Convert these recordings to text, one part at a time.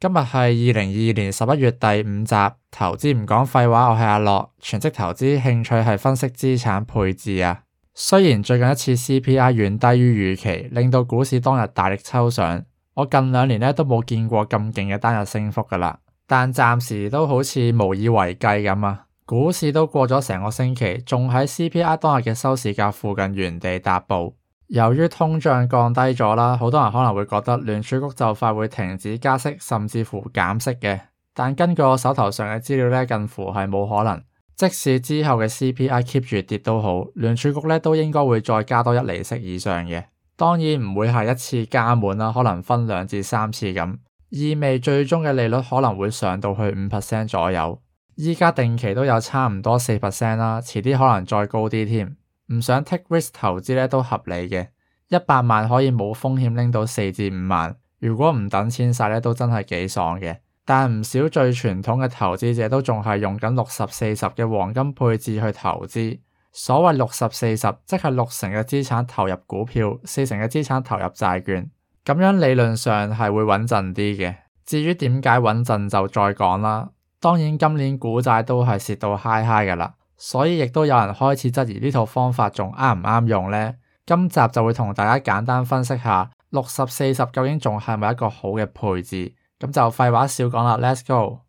今日係二零二二年十一月第五集，投資唔講廢話，我係阿樂，全職投資，興趣係分析資產配置啊。雖然最近一次 CPI 遠低於預期，令到股市當日大力抽上，我近兩年呢都冇見過咁勁嘅單日升幅噶啦，但暫時都好似無以為繼咁啊。股市都過咗成個星期，仲喺 CPI 當日嘅收市價附近原地踏步。由於通脹降低咗啦，好多人可能會覺得聯儲局就快會停止加息，甚至乎減息嘅。但根據我手頭上嘅資料呢，近乎係冇可能。即使之後嘅 CPI keep 住跌都好，聯儲局呢都應該會再加多一厘息以上嘅。當然唔會係一次加滿啦，可能分兩至三次咁，意味最終嘅利率可能會上到去五 percent 左右。依家定期都有差唔多四 percent 啦，遲啲可能再高啲添。唔想 take risk 投資咧都合理嘅，一百萬可以冇風險拎到四至五萬。如果唔等錢使咧，都真係幾爽嘅。但唔少最傳統嘅投資者都仲係用緊六十四十嘅黃金配置去投資。所謂六十四十，即係六成嘅資產投入股票，四成嘅資產投入債券。咁樣理論上係會穩陣啲嘅。至於點解穩陣就再講啦。當然今年股債都係蝕到嗨嗨㗎喇。所以亦都有人開始質疑呢套方法仲啱唔啱用呢？今集就會同大家簡單分析下六十四十究竟仲係咪一個好嘅配置？咁就廢話少講啦，Let's go！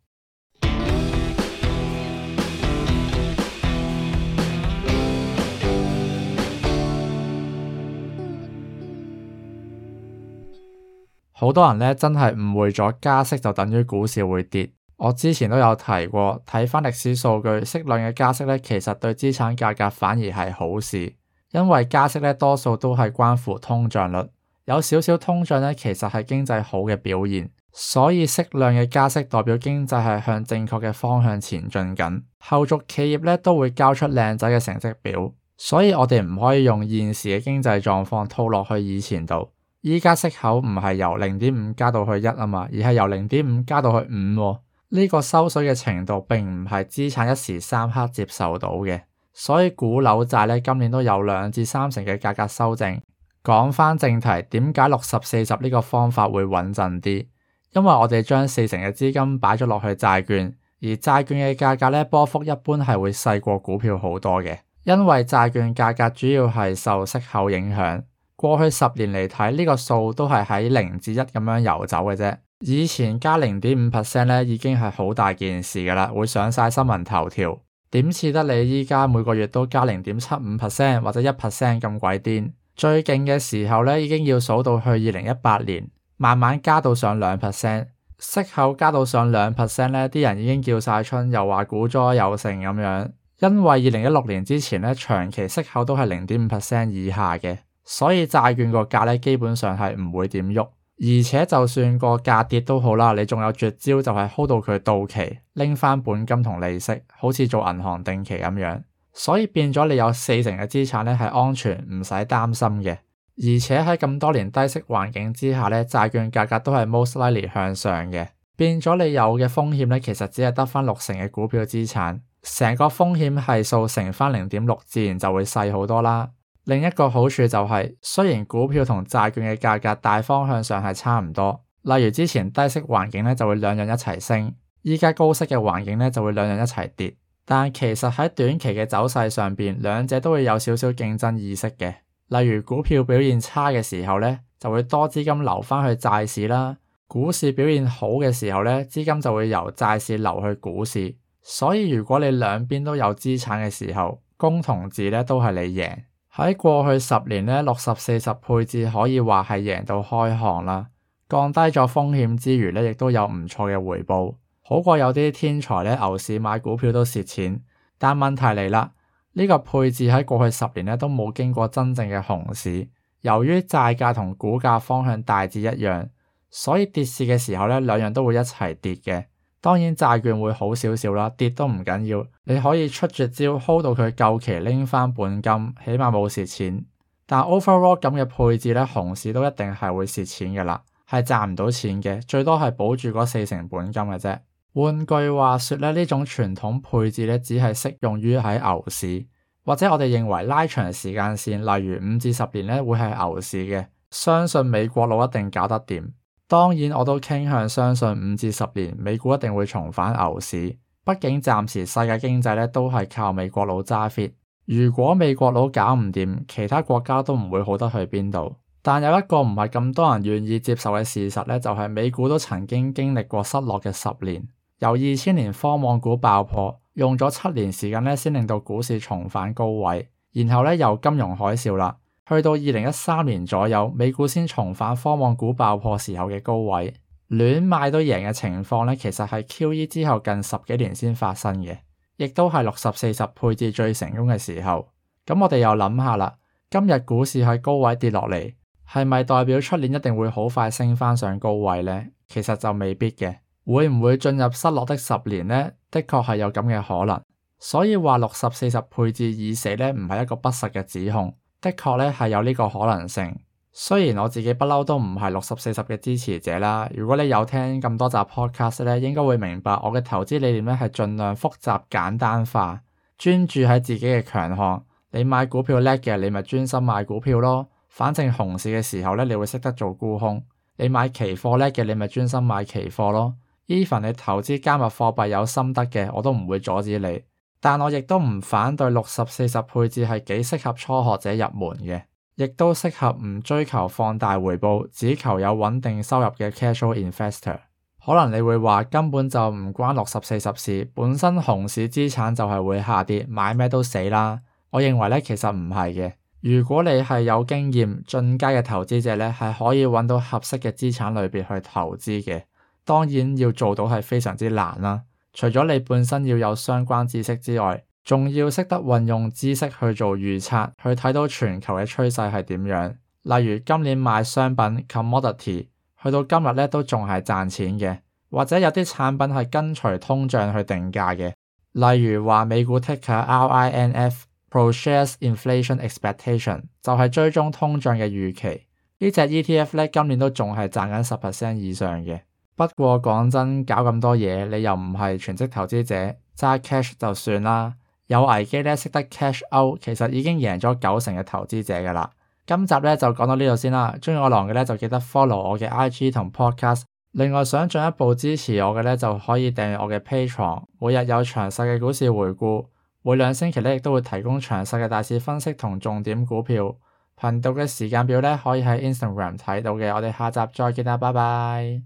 好多人呢真係誤會咗加息就等於股市會跌。我之前都有提過，睇返歷史數據，適量嘅加息咧，其實對資產價格反而係好事，因為加息咧多數都係關乎通脹率，有少少通脹咧，其實係經濟好嘅表現，所以適量嘅加息代表經濟係向正確嘅方向前進緊，後續企業咧都會交出靚仔嘅成績表，所以我哋唔可以用現時嘅經濟狀況套落去以前度，依家息口唔係由零點五加到去一啊嘛，而係由零點五加到去五喎。呢個收水嘅程度，並唔係資產一時三刻接受到嘅，所以股、樓、債今年都有兩至三成嘅價格修正。講翻正題，點解六十四十呢個方法會穩陣啲？因為我哋將四成嘅資金擺咗落去債券，而債券嘅價格波幅一般係會細過股票好多嘅，因為債券價格主要係受息口影響。過去十年嚟睇，呢個數都係喺零至一咁樣游走嘅啫。以前加零點五 percent 咧，已經係好大件事噶啦，會上晒新聞頭條。點似得你依家每個月都加零點七五 percent 或者一 percent 咁鬼癲？最勁嘅時候咧，已經要數到去二零一八年，慢慢加到上兩 percent。息口加到上兩 percent 呢，啲人已經叫晒春，又話股災又成咁樣。因為二零一六年之前呢，長期息口都係零點五 percent 以下嘅。所以債券個價咧，基本上係唔會點喐，而且就算個價跌都好啦，你仲有絕招就係 hold 到佢到期，拎翻本金同利息，好似做銀行定期咁樣。所以變咗你有四成嘅資產咧係安全，唔使擔心嘅。而且喺咁多年低息環境之下咧，債券價格都係 most likely 向上嘅，變咗你有嘅風險咧，其實只係得翻六成嘅股票資產，成個風險係數乘翻零點六，自然就會細好多啦。另一個好處就係、是，雖然股票同債券嘅價格大方向上係差唔多，例如之前低息環境呢就會兩樣一齊升，而家高息嘅環境呢就會兩樣一齊跌。但其實喺短期嘅走勢上面，兩者都會有少少競爭意識嘅。例如股票表現差嘅時候呢，就會多資金流返去債市啦；股市表現好嘅時候呢，資金就會由債市流去股市。所以如果你兩邊都有資產嘅時候，公同字呢都係你贏。喺過去十年呢，六十四十配置可以話係贏到開行啦，降低咗風險之餘呢，亦都有唔錯嘅回報。好過有啲天才呢，牛市買股票都蝕錢。但問題嚟啦，呢個配置喺過去十年呢都冇經過真正嘅熊市。由於債價同股價方向大致一樣，所以跌市嘅時候呢，兩樣都會一齊跌嘅。當然債券會好少少啦。跌都唔緊要，你可以出絕招 hold 到佢夠期拎翻本金，起碼冇蝕錢。但 overall 咁嘅配置呢，熊市都一定係會蝕錢噶啦係賺唔到錢嘅，最多係保住嗰四成本金嘅啫。換句話說咧，呢種傳統配置呢，只係適用於喺牛市，或者我哋認為拉長時間線，例如五至十年呢，會係牛市嘅，相信美國佬一定搞得掂。當然，我都傾向相信五至十年美股一定會重返牛市，畢竟暫時世界經濟咧都係靠美國佬揸 fit。如果美國佬搞唔掂，其他國家都唔會好得去邊度。但有一個唔係咁多人願意接受嘅事實咧，就係美股都曾經經歷過失落嘅十年，由二千年科網股爆破，用咗七年時間咧先令到股市重返高位，然後咧又金融海嘯啦。去到二零一三年左右，美股先重返科網股爆破時候嘅高位，亂賣都贏嘅情況呢，其實係 QE 之後近十幾年先發生嘅，亦都係六十四十配置最成功嘅時候。咁我哋又諗下啦，今日股市喺高位跌落嚟，係咪代表出年一定會好快升返上高位呢？其實就未必嘅，會唔會進入失落的十年呢？的確係有咁嘅可能，所以話六十四十配置已死呢，唔係一個不實嘅指控。的確咧，係有呢個可能性，雖然我自己不嬲都唔係六十四十嘅支持者啦。如果你有聽咁多集 podcast 咧，應該會明白我嘅投資理念咧，係盡量複雜簡單化，專注喺自己嘅強項。你買股票叻嘅，你咪專心買股票咯。反正熊市嘅時候咧，你會識得做沽空。你買期貨叻嘅，你咪專心買期貨咯。Even 你投資加密貨幣有心得嘅，我都唔會阻止你。但我亦都唔反對六十四十配置係幾適合初學者入門嘅，亦都適合唔追求放大回報，只求有穩定收入嘅 casual investor。可能你會話根本就唔關六十四十事，本身熊市資產就係會下跌，買咩都死啦。我認為咧，其實唔係嘅。如果你係有經驗進階嘅投資者咧，係可以揾到合適嘅資產類別去投資嘅。當然要做到係非常之難啦。除咗你本身要有相關知識之外，仲要識得運用知識去做預測，去睇到全球嘅趨勢係點樣。例如今年買商品 commodity 去到今日咧，都仲係賺錢嘅。或者有啲產品係跟隨通脹去定價嘅，例如話美股 ticker RINF ProShares Inflation Expectation 就係追蹤通脹嘅預期。這個、呢隻 ETF 今年都仲係賺緊十 percent 以上嘅。不過講真，搞咁多嘢，你又唔係全職投資者，揸 cash 就算啦。有危機咧，識得 cash out，其實已經贏咗九成嘅投資者噶啦。今集咧就講到呢度先啦。中意我郎嘅咧就記得 follow 我嘅 IG 同 podcast。另外想進一步支持我嘅咧就可以訂閱我嘅 Patreon。每日有詳細嘅股市回顧，每兩星期咧亦都會提供詳細嘅大市分析同重點股票。頻道嘅時間表咧可以喺 Instagram 睇到嘅。我哋下集再見啦，拜拜。